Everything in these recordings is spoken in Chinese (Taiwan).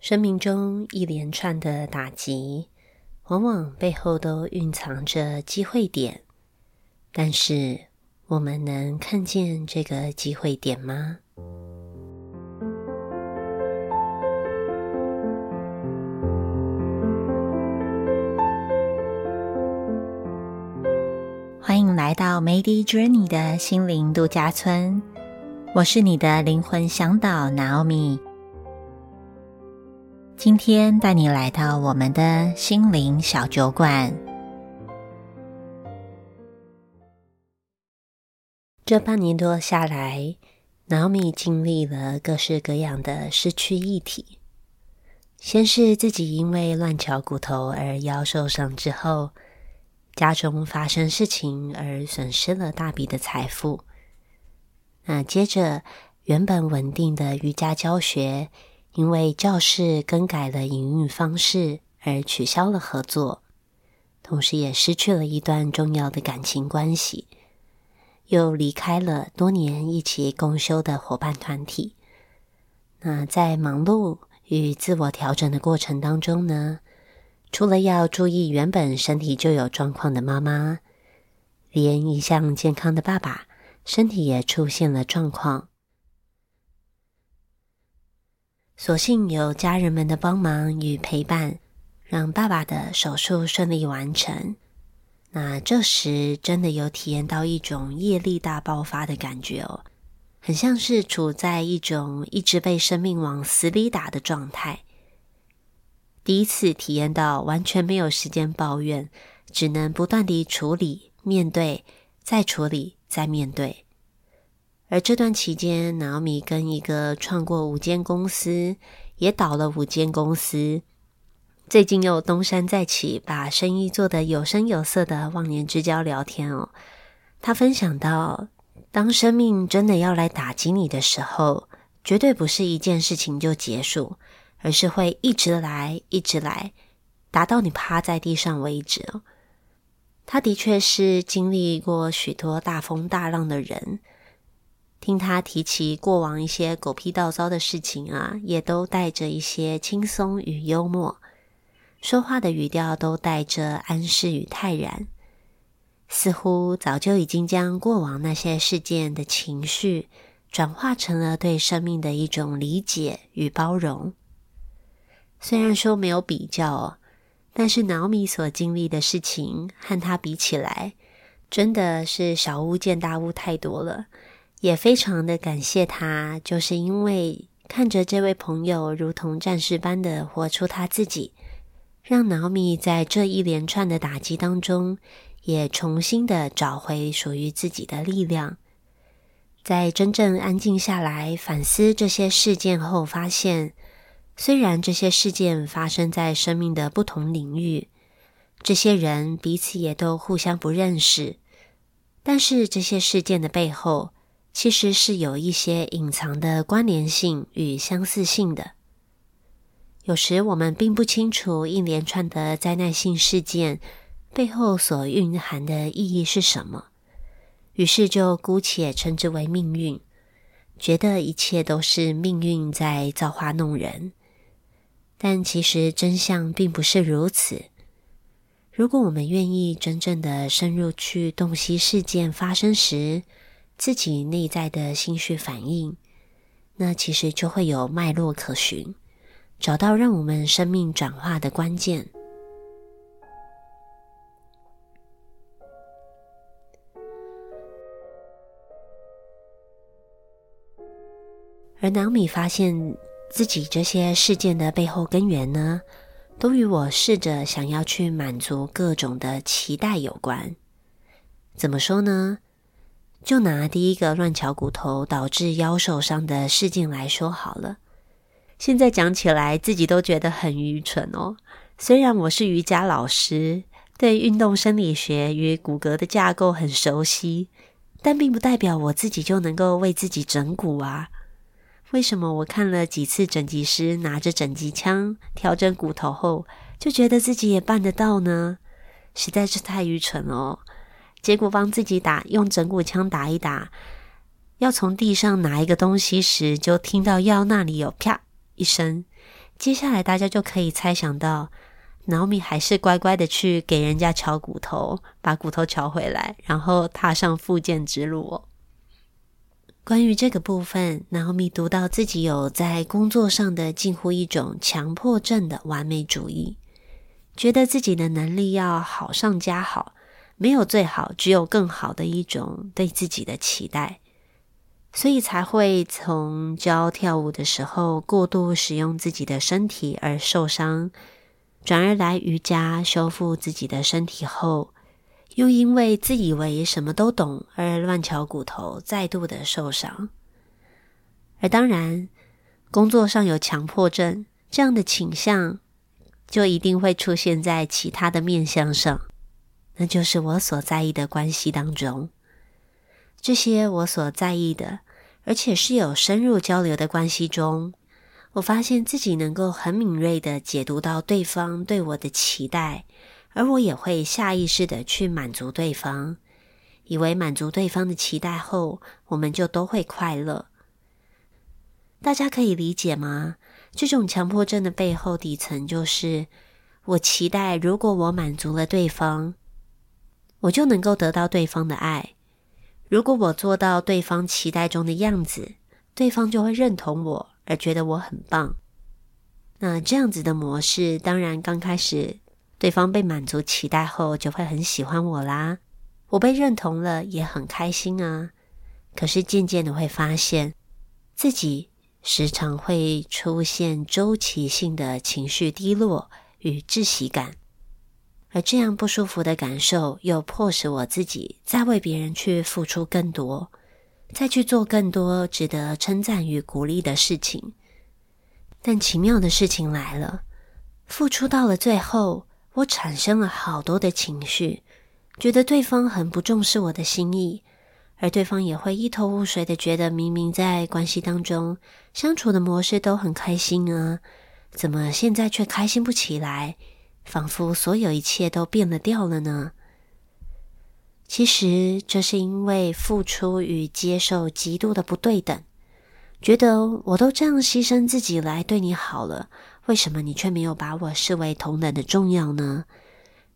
生命中一連串的打擊，往往背後都蘊藏着機會點。但是，我們能看見這個機會點嗎？歡迎來到 Medi Journey 的心靈度假村，我是你的靈魂向導 Naomi。今天帶你來到我們的心靈小酒館。這半年多下來，Naomi 經歷了各式各樣的失去議題。先是自己因為亂喬骨頭而腰受傷，之後家中發生事情而損失了大筆的財富。那、啊、接着原本穩定的瑜伽教學。因為教室更改了營運方式而取消了合作，同時也失去了一段重要的感情關係，又離開了多年一起共修的夥伴團體。那在忙碌與自我調整的過程當中呢，除了要注意原本身體就有狀況的媽媽，連一向健康的爸爸身體也出現了狀況。所幸有家人們的幫忙與陪伴，讓爸爸的手術順利完成。那這時真的有體驗到一種業力大爆發的感覺哦，很像是處在一種一直被生命往死裡打的狀態。第一次體驗到完全沒有時間抱怨，只能不斷地處理、面對、再處理、再面對。而這段期間，老米跟一個創過五間公司，也倒了五間公司，最近又東山再起，把生意做得有聲有色的忘年之交聊天哦。他分享到，當生命真的要來打擊你的時候，絕對不是一件事情就結束，而是會一直來，一直來，打到你趴在地上為止哦。他的確是經歷過許多大風大浪的人。聽他提起過往一些狗屁倒灶的事情啊，也都帶着一些輕鬆與幽默，說話的語調都帶着安適與泰然，似乎早就已經將過往那些事件的情緒轉化成了對生命的一種理解與包容。雖然說沒有比較哦，但是腦米所經歷的事情和他比起來，真的是小巫見大巫太多了。也非常的感謝他，就是因為看着這位朋友如同戰士般的活出他自己，讓老米在這一連串的打擊當中，也重新的找回屬於自己的力量。在真正安靜下來反思這些事件後，發現雖然這些事件發生在生命的不同領域，這些人彼此也都互相不認識，但是這些事件的背後，其實是有一些隱藏的關聯性與相似性的。有時我們並不清楚一連串的災難性事件背後所蘊含的意義是什麼，於是就姑且稱之為命運，覺得一切都是命運在造化弄人。但其實真相並不是如此。如果我們願意真正的深入去洞悉事件發生時，自己內在的心緒反應，那其實就會有脈絡可循，找到讓我們生命轉化的關鍵。而南米發現自己這些事件的背後根源呢，都與我試着想要去滿足各種的期待有關。怎麼說呢？就拿第一個亂敲骨頭導致腰受傷的事件來說好了。現在講起來，自己都覺得很愚蠢哦。雖然我是瑜伽老師，對運動生理學與骨骼的架構很熟悉，但並不代表我自己就能夠為自己整骨啊。為什麼我看了幾次整脊師拿着整脊槍調整骨頭後，就覺得自己也辦得到呢？實在是太愚蠢哦。結果幫自己打，用整骨槍打一打。要從地上拿一個東西時，就聽到腰那裡有啪一聲。接下來大家就可以猜想到，老米還是乖乖的去給人家敲骨頭，把骨頭敲回來，然後踏上復健之路哦。關於這個部分，老米讀到自己有在工作上的近乎一種強迫症的完美主義，覺得自己的能力要好上加好，沒有最好，只有更好的一種對自己的期待，所以才會從教跳舞的時候過度使用自己的身體而受傷，轉而來瑜伽修復自己的身體後，又因為自以為什麼都懂而亂敲骨頭，再度的受傷。而當然，工作上有強迫症這樣的傾向，就一定會出現在其他的面向上。那就是我所在意的關係當中，這些我所在意的，而且是有深入交流的關係中，我發現自己能夠很敏銳地解讀到對方對我的期待，而我也會下意識地去滿足對方，以為滿足對方的期待後，我們就都會快樂。大家可以理解嗎？這種強迫症的背後底層就是，我期待如果我滿足了對方。我就能夠得到對方的愛。如果我做到對方期待中的樣子，對方就會認同我，而覺得我很棒。那這樣子的模式，當然剛開始，對方被滿足期待後，就會很喜歡我啦。我被認同了，也很開心啊。可是漸漸的會發現自己時常會出現周期性的情緒低落與窒息感。而這樣不舒服的感受，又迫使我自己再為別人去付出更多，再去做更多值得稱讚與鼓勵的事情。但奇妙的事情來了，付出到了最後，我產生了好多的情緒，覺得對方很不重視我的心意，而對方也會一頭霧水的覺得，明明在關係當中相處的模式都很開心啊，怎麼現在卻開心不起來？仿佛所有一切都變了調了呢。其實這是因為付出與接受極度的不對等，覺得我都這樣犧牲自己來對你好了，為什麼你卻沒有把我視為同等的重要呢？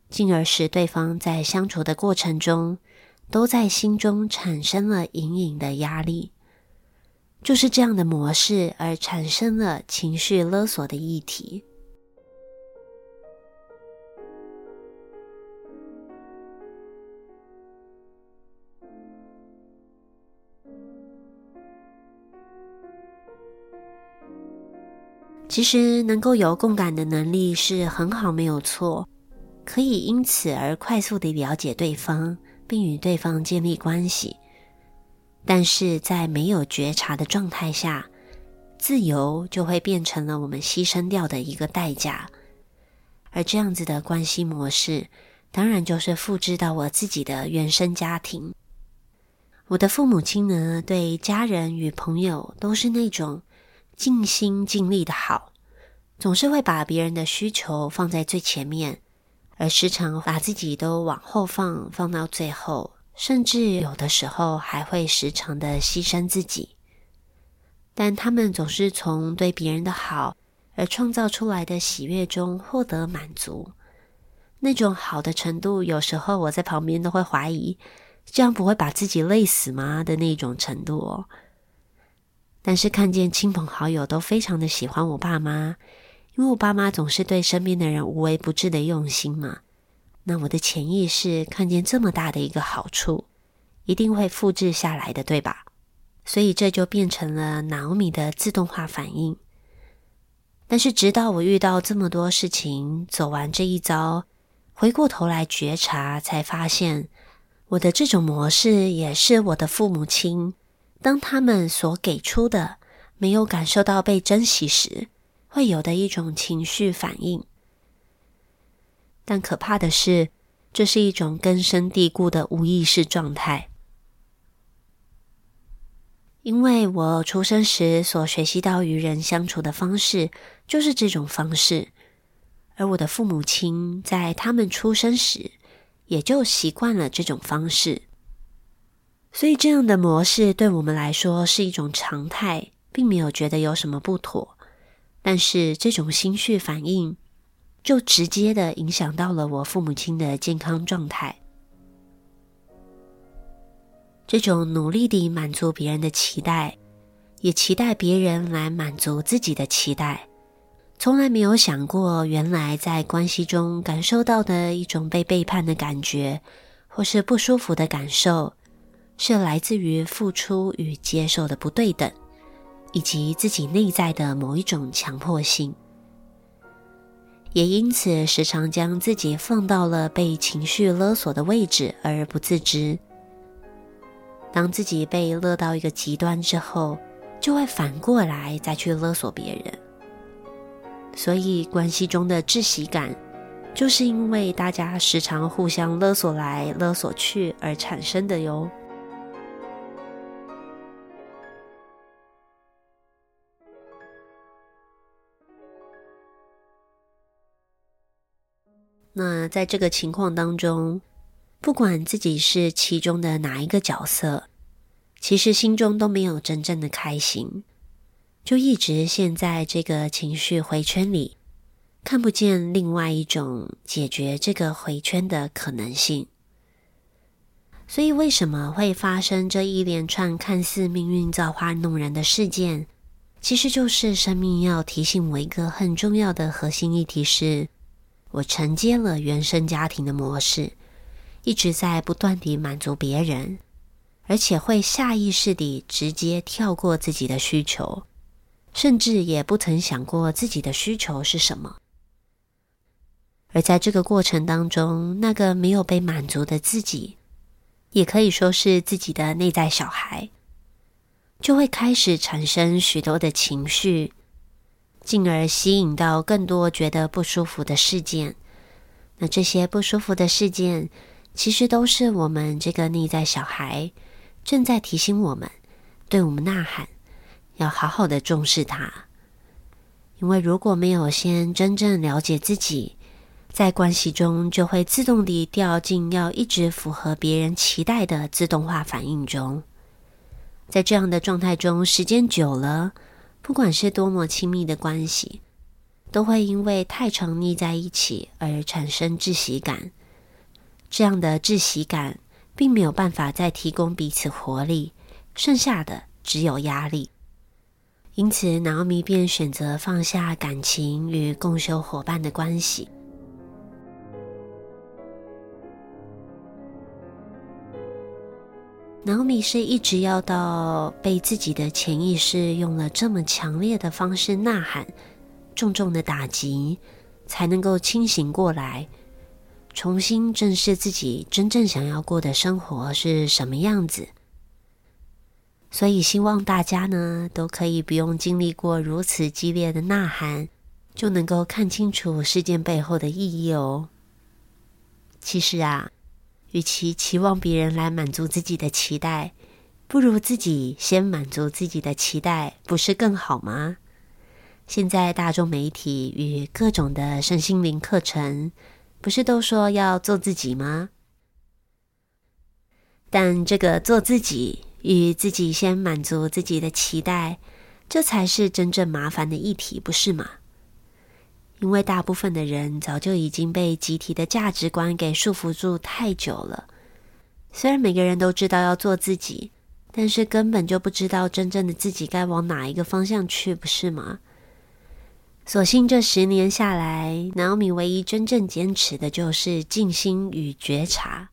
進而使對方在相處的過程中，都在心中產生了隱隱的壓力，就是這樣的模式而產生了情緒勒索的議題。其實能夠有共感的能力是很好，沒有錯，可以因此而快速地了解對方，並與對方建立關係。但是在沒有覺察的狀態下，自由就會變成了我們犧牲掉的一個代價。而這樣子的關係模式，當然就是複製到我自己的原生家庭。我的父母親呢，對家人與朋友都是那種。盡心盡力的好，總是會把別人的需求放在最前面，而時常把自己都往後放，放到最後，甚至有的時候還會時常的犧牲自己。但他們總是從對別人的好而創造出來的喜悅中獲得滿足。那種好的程度，有時候我在旁邊都會懷疑，這樣不會把自己累死嗎？的那種程度哦。但是看見親朋好友都非常的喜歡我爸媽，因為我爸媽總是對身邊的人無微不至的用心嘛。那我的潛意識看見這麼大的一個好處，一定會複製下來的，對吧？所以這就變成了 Naomi 的自動化反應。但是直到我遇到這麼多事情，走完這一遭，回過頭來覺察，才發現我的這種模式也是我的父母親。當他們所給出的沒有感受到被珍惜時，會有的一種情緒反應。但可怕的是，這是一種根深蒂固的無意識狀態。因為我出生時所學習到與人相處的方式就是這種方式，而我的父母親在他們出生時也就習慣了這種方式。所以這樣的模式對我們來說是一種常態，並沒有覺得有什麼不妥。但是這種心緒反應，就直接的影響到了我父母親的健康狀態。這種努力地滿足別人的期待，也期待別人來滿足自己的期待，從來沒有想過原來在關係中感受到的一種被背叛的感覺，或是不舒服的感受。是來自於付出與接受的不對等，以及自己內在的某一種強迫性，也因此時常將自己放到了被情緒勒索的位置而不自知。當自己被勒到一個極端之後，就會反過來再去勒索別人。所以，關係中的窒息感，就是因為大家時常互相勒索來勒索去而產生的喲。那在這個情況當中，不管自己是其中的哪一個角色，其實心中都沒有真正的開心，就一直陷在這個情緒回圈裡，看不見另外一種解決這個回圈的可能性。所以為什麼會發生這一連串看似命運造化弄人的事件，其實就是生命要提醒我一個很重要的核心議題是。我承接了原生家庭的模式，一直在不斷地滿足別人，而且會下意識地直接跳過自己的需求，甚至也不曾想過自己的需求是什麼。而在這個過程當中，那個沒有被滿足的自己，也可以說是自己的內在小孩，就會開始產生許多的情緒。進而吸引到更多覺得不舒服的事件。那這些不舒服的事件，其實都是我們這個內在小孩正在提醒我們，對我們吶喊，要好好的重視它。因為如果沒有先真正了解自己，在關係中就會自動地掉進要一直符合別人期待的自動化反應中。在這樣的狀態中，時間久了，不管是多麼親密的關係，都會因為太沉溺在一起而產生窒息感。這樣的窒息感並沒有辦法再提供彼此活力，剩下的只有壓力。因此，南奧米便選擇放下感情與共修夥伴的關係。然後你是一直要到被自己的潛意識用了這麼強烈的方式吶喊，重重的打擊，才能夠清醒過來，重新正視自己真正想要過的生活是什麼樣子。所以希望大家呢，都可以不用經歷過如此激烈的吶喊，就能夠看清楚事件背後的意義哦。其實啊。與其期望別人來滿足自己的期待，不如自己先滿足自己的期待，不是更好嗎？現在大眾媒體與各種的身心靈課程，不是都說要做自己嗎？但這個做自己與自己先滿足自己的期待，這才是真正麻煩的議題，不是嗎？因為大部分的人早就已經被集體的價值觀給束縛住太久了，雖然每個人都知道要做自己，但是根本就不知道真正的自己該往哪一個方向去，不是嗎？所幸這十年下來，Naomi 唯一真正堅持的就是靜心與覺察。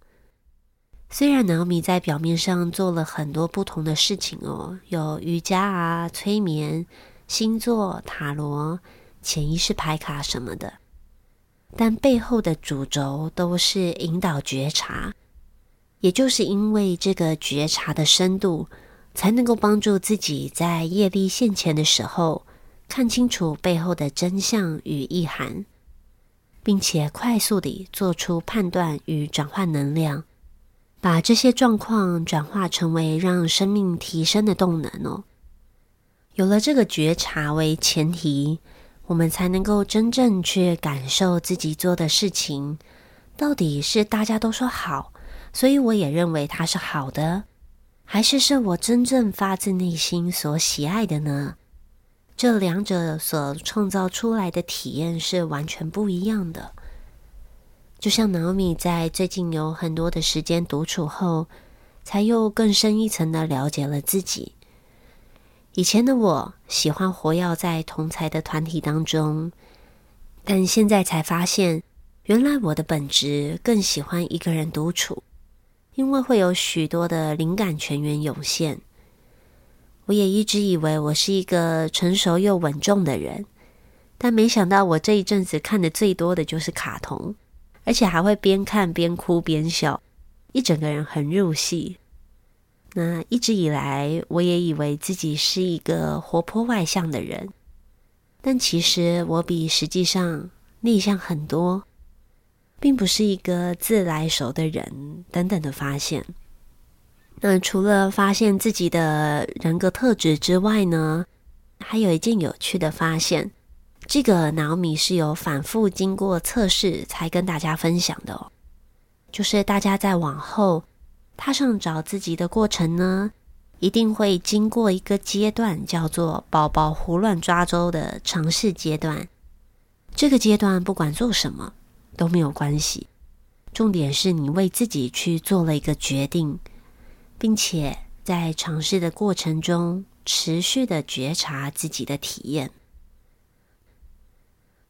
雖然 Naomi 在表面上做了很多不同的事情哦，有瑜伽啊、催眠、星座、塔羅。潛意識牌卡什麼的，但背後的主軸都是引導覺察。也就是因為這個覺察的深度，才能夠幫助自己在業力現前的時候，看清楚背後的真相與意涵，並且快速地做出判斷與轉換能量，把這些狀況轉化成為讓生命提升的動能哦。有了這個覺察為前提。我們才能夠真正去感受自己做的事情到底是大家都說好，所以我也認為它是好的，還是是我真正發自內心所喜愛的呢？這兩者所創造出來的體驗是完全不一樣的。就像 Naomi 在最近有很多的時間獨處後，才又更深一層的了解了自己。以前的我喜歡活躍在同儕的團體當中，但現在才發現，原來我的本質更喜歡一個人獨處，因為會有許多的靈感泉源湧現。我也一直以為我是一個成熟又穩重的人，但沒想到我這一陣子看的最多的就是卡通，而且還會邊看邊哭邊笑，一整個人很入戲。那一直以來，我也以為自己是一個活潑外向的人，但其實我比實際上內向很多，並不是一個自來熟的人等等的發現。那除了發現自己的人格特質之外呢，還有一件有趣的發現，這個腦米是有反覆經過測試才跟大家分享的哦，就是大家在往後。踏上找自己的過程呢，一定會經過一個階段，叫做“寶寶胡亂抓周”的嘗試階段。這個階段不管做什麼都沒有關係，重點是你為自己去做了一個決定，並且在嘗試的過程中持續的覺察自己的體驗。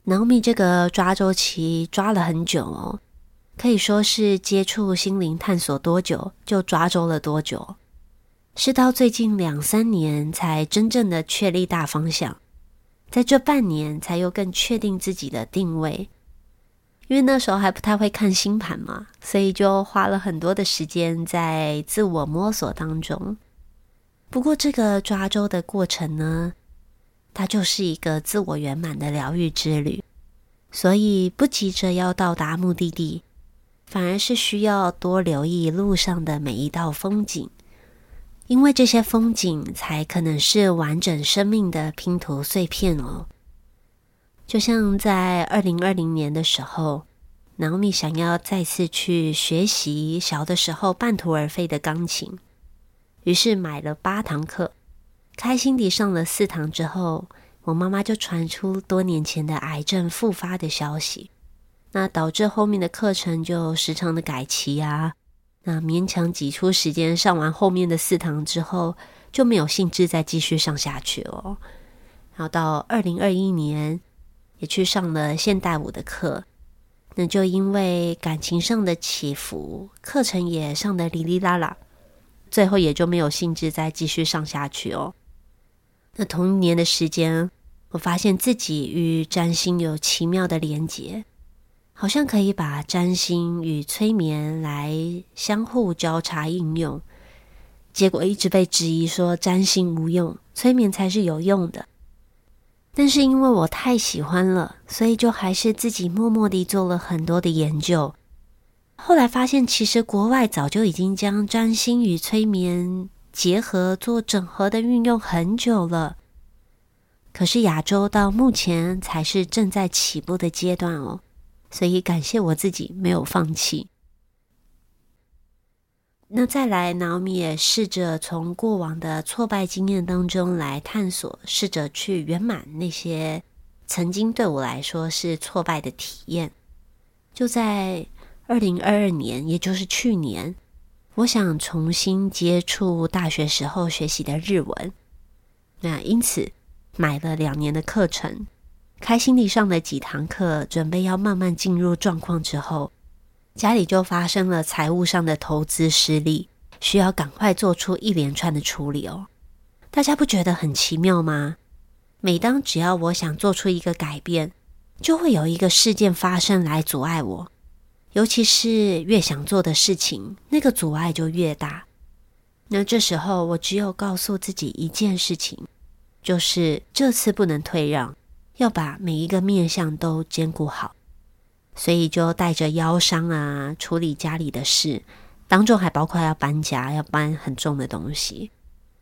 Naomi，這個抓周期抓了很久哦。可以說是接觸心靈探索多久就抓周了多久，是到最近兩三年才真正的確立大方向，在這半年才又更確定自己的定位，因為那時候還不太會看星盤嘛，所以就花了很多的時間在自我摸索當中。不過這個抓周的過程呢，它就是一個自我圓滿的療癒之旅，所以不急着要到達目的地。反而是需要多留意路上的每一道風景，因為這些風景才可能是完整生命的拼圖碎片哦。就像在二零二零年的時候，囊米想要再次去學習小的時候半途而廢的鋼琴，於是買了八堂課，開心地上了四堂之後，我媽媽就傳出多年前的癌症復發的消息。那導致後面的課程就時常的改期啊，那勉強擠出時間上完後面的四堂之後，就沒有興致再繼續上下去哦。然後到二零二一年，也去上了現代舞的課，那就因為感情上的起伏，課程也上得哩哩啦啦，最後也就沒有興致再繼續上下去哦。那同一年的時間，我發現自己與占星有奇妙的連結。好像可以把占星與催眠來相互交叉應用，結果一直被質疑說占星無用，催眠才是有用的。但是因為我太喜歡了，所以就還是自己默默地做了很多的研究。後來發現，其實國外早就已經將占星與催眠結合做整合的運用很久了，可是亞洲到目前才是正在起步的階段哦。所以，感謝我自己沒有放棄。那再來，我們也試着從過往的挫敗經驗當中來探索，試着去圓滿那些曾經對我來說是挫敗的體驗。就在二零二二年，也就是去年，我想重新接觸大學時候學習的日文，那因此買了兩年的課程。開心地上了幾堂課，準備要慢慢進入狀況之後，家裡就發生了財務上的投資失利，需要趕快做出一連串的處理哦。大家不覺得很奇妙嗎？每當只要我想做出一個改變，就會有一個事件發生來阻礙我，尤其是越想做的事情，那個阻礙就越大。那這時候，我只有告訴自己一件事情，就是這次不能退讓。要把每一個面向都兼顧好，所以就帶着腰傷啊，處理家裡的事，當中還包括要搬家，要搬很重的東西，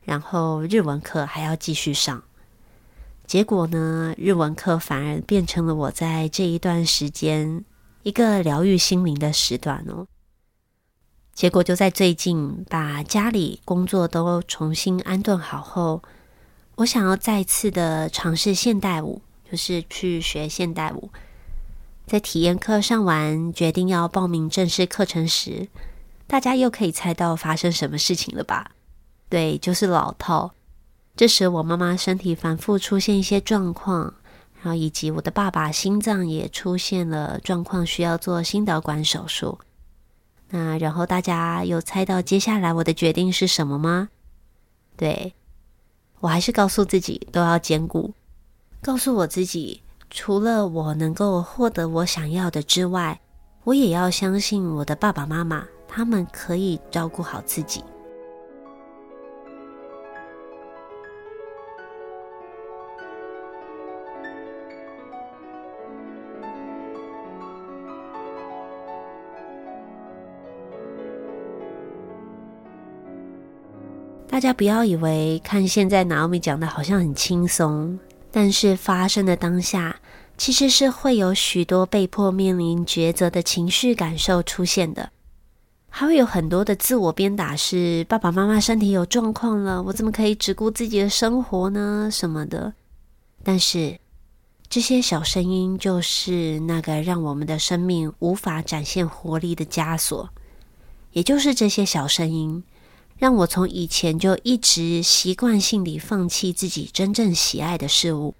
然後日文課還要繼續上。結果呢，日文課反而變成了我在這一段時間一個療癒心靈的時段哦。結果就在最近，把家裡工作都重新安頓好後，我想要再次的嘗試現代舞。就是去學現代舞，在體驗課上完，決定要報名正式課程時，大家又可以猜到發生什麼事情了吧？對，就是老套。這時我媽媽身體反覆出現一些狀況，然後以及我的爸爸心臟也出現了狀況，需要做心導管手術。那然後大家有猜到接下來我的決定是什麼嗎？對，我還是告訴自己都要兼顧。告訴我自己，除了我能夠獲得我想要的之外，我也要相信我的爸爸媽媽，他們可以照顧好自己。大家不要以為看現在娜奧米講的好像很輕鬆。但是發生的當下，其實是會有許多被迫面臨抉擇的情緒感受出現的，還會有很多的自我鞭打是，是爸爸媽媽身體有狀況了，我怎麼可以只顧自己的生活呢？什麼的。但是這些小聲音，就是那個讓我們的生命無法展現活力的枷鎖，也就是這些小聲音，讓我從以前就一直習慣性地放棄自己真正喜愛的事物。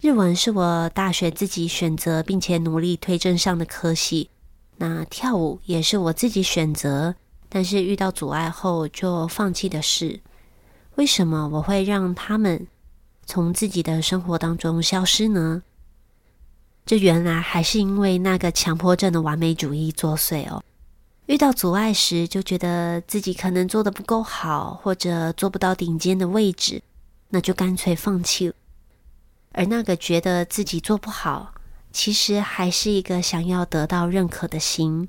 日文是我大學自己選擇並且努力推甄上的科系，那跳舞也是我自己選擇，但是遇到阻礙後就放棄的事。為什麼我會讓他們從自己的生活當中消失呢？這原來還是因為那個強迫症的完美主義作祟哦。遇到阻礙時，就覺得自己可能做的不夠好，或者做不到頂尖的位置，那就乾脆放棄了。而那個覺得自己做不好，其實還是一個想要得到認可的心，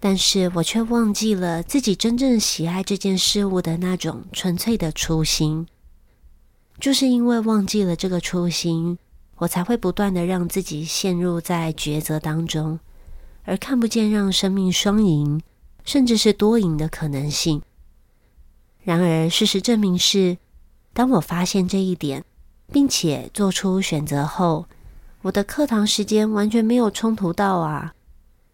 但是我卻忘記了自己真正喜愛這件事物的那種純粹的初心。就是因為忘記了這個初心，我才會不斷的讓自己陷入在抉擇當中。而看不見讓生命雙贏，甚至是多贏的可能性。然而，事實證明是，當我發現這一點，並且做出選擇後，我的課堂時間完全沒有衝突到啊。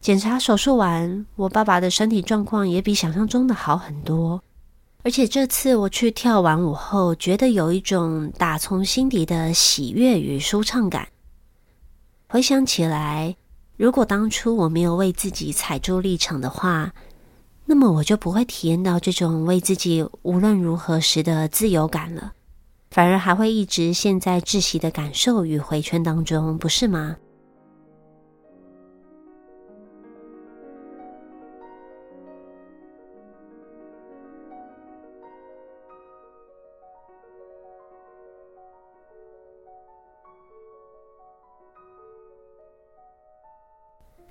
檢查手術完，我爸爸的身體狀況也比想象中的好很多。而且這次我去跳完舞後，覺得有一種打從心底的喜悅與舒暢感。回想起來。如果當初我沒有為自己踩住立場的話，那麼我就不會體驗到這種為自己無論如何時的自由感了，反而還會一直陷在窒息的感受與迴圈當中，不是嗎？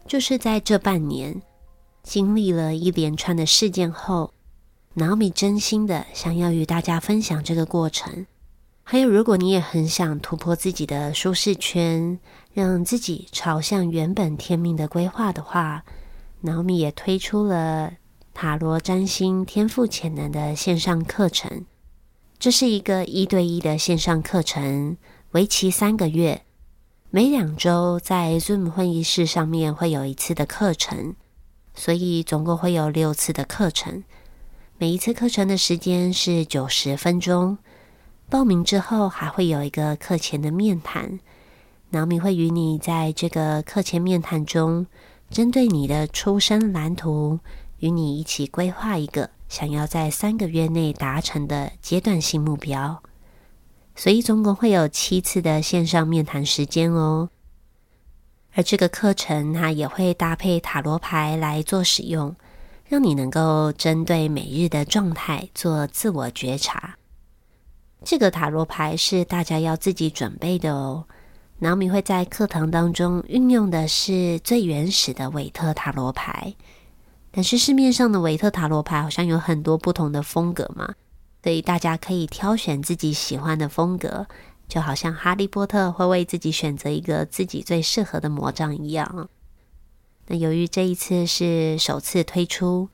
就是在這半年，經歷了一連串的事件後，腦米真心的想要與大家分享這個過程。還有，如果你也很想突破自己的舒適圈，讓自己朝向原本天命的規劃的話，腦米也推出了塔羅占星天賦潛能的線上課程。這是一個一對一的線上課程，為期三個月。每兩周在 Zoom 會議室上面會有一次的課程，所以總共會有六次的課程。每一次課程的時間是九十分鐘。報名之後還會有一個課前的面談，囊米會與你在這個課前面談中，針對你的出生藍圖，與你一起規劃一個想要在三個月內達成的階段性目標。所以總共會有七次的線上面談時間哦，而這個課程它也會搭配塔羅牌來做使用，讓你能夠針對每日的狀態做自我覺察。這個塔羅牌是大家要自己準備的哦。Naomi 會在課堂當中運用的是最原始的韋特塔羅牌，但是市面上的韋特塔羅牌好像有很多不同的風格嘛。所以大家可以挑選自己喜歡的風格，就好像哈利波特會為自己選擇一個自己最適合的魔杖一樣。那由於這一次是首次推出，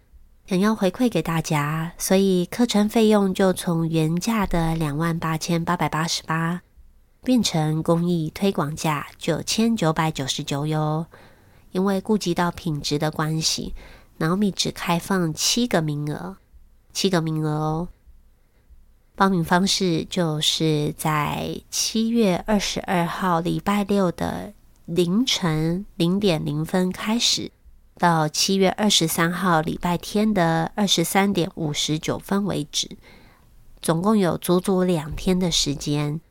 想要回饋給大家，所以課程費用就從原價的兩萬八千八百八十八變成公益推廣價九千九百九十九喲。因為顧及到品質的關係，腦米只開放七個名額，七個名額哦。報名方式就是在七月二十二號禮拜六的凌晨零點零分開始，到七月二十三號禮拜天的二十三點五十九分為止，總共有足足兩天的時間。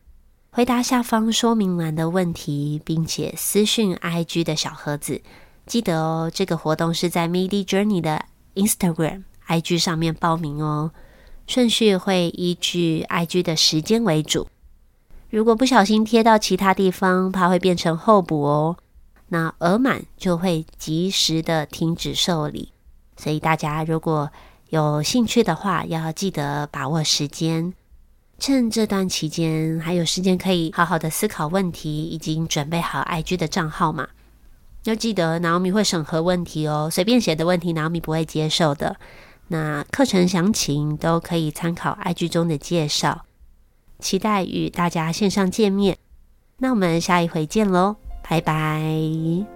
回答下方說明欄的問題，並且私訊 IG 的小盒子，記得哦。這個活動是在 Medi Journey 的 Instagram IG 上面報名哦。順序會依據 IG 的時間為主，如果不小心貼到其他地方，怕會變成候補哦。那額滿就會及時的停止受理，所以大家如果有興趣的話，要記得把握時間，趁這段期間還有時間，可以好好的思考問題。已經準備好 IG 的賬號嘛？要記得，Naomi 會審核問題哦，隨便寫的問題，Naomi 不會接受的。那課程詳情都可以參考 IG 中的介紹，期待與大家線上見面。那我們下一回見嘍，拜拜。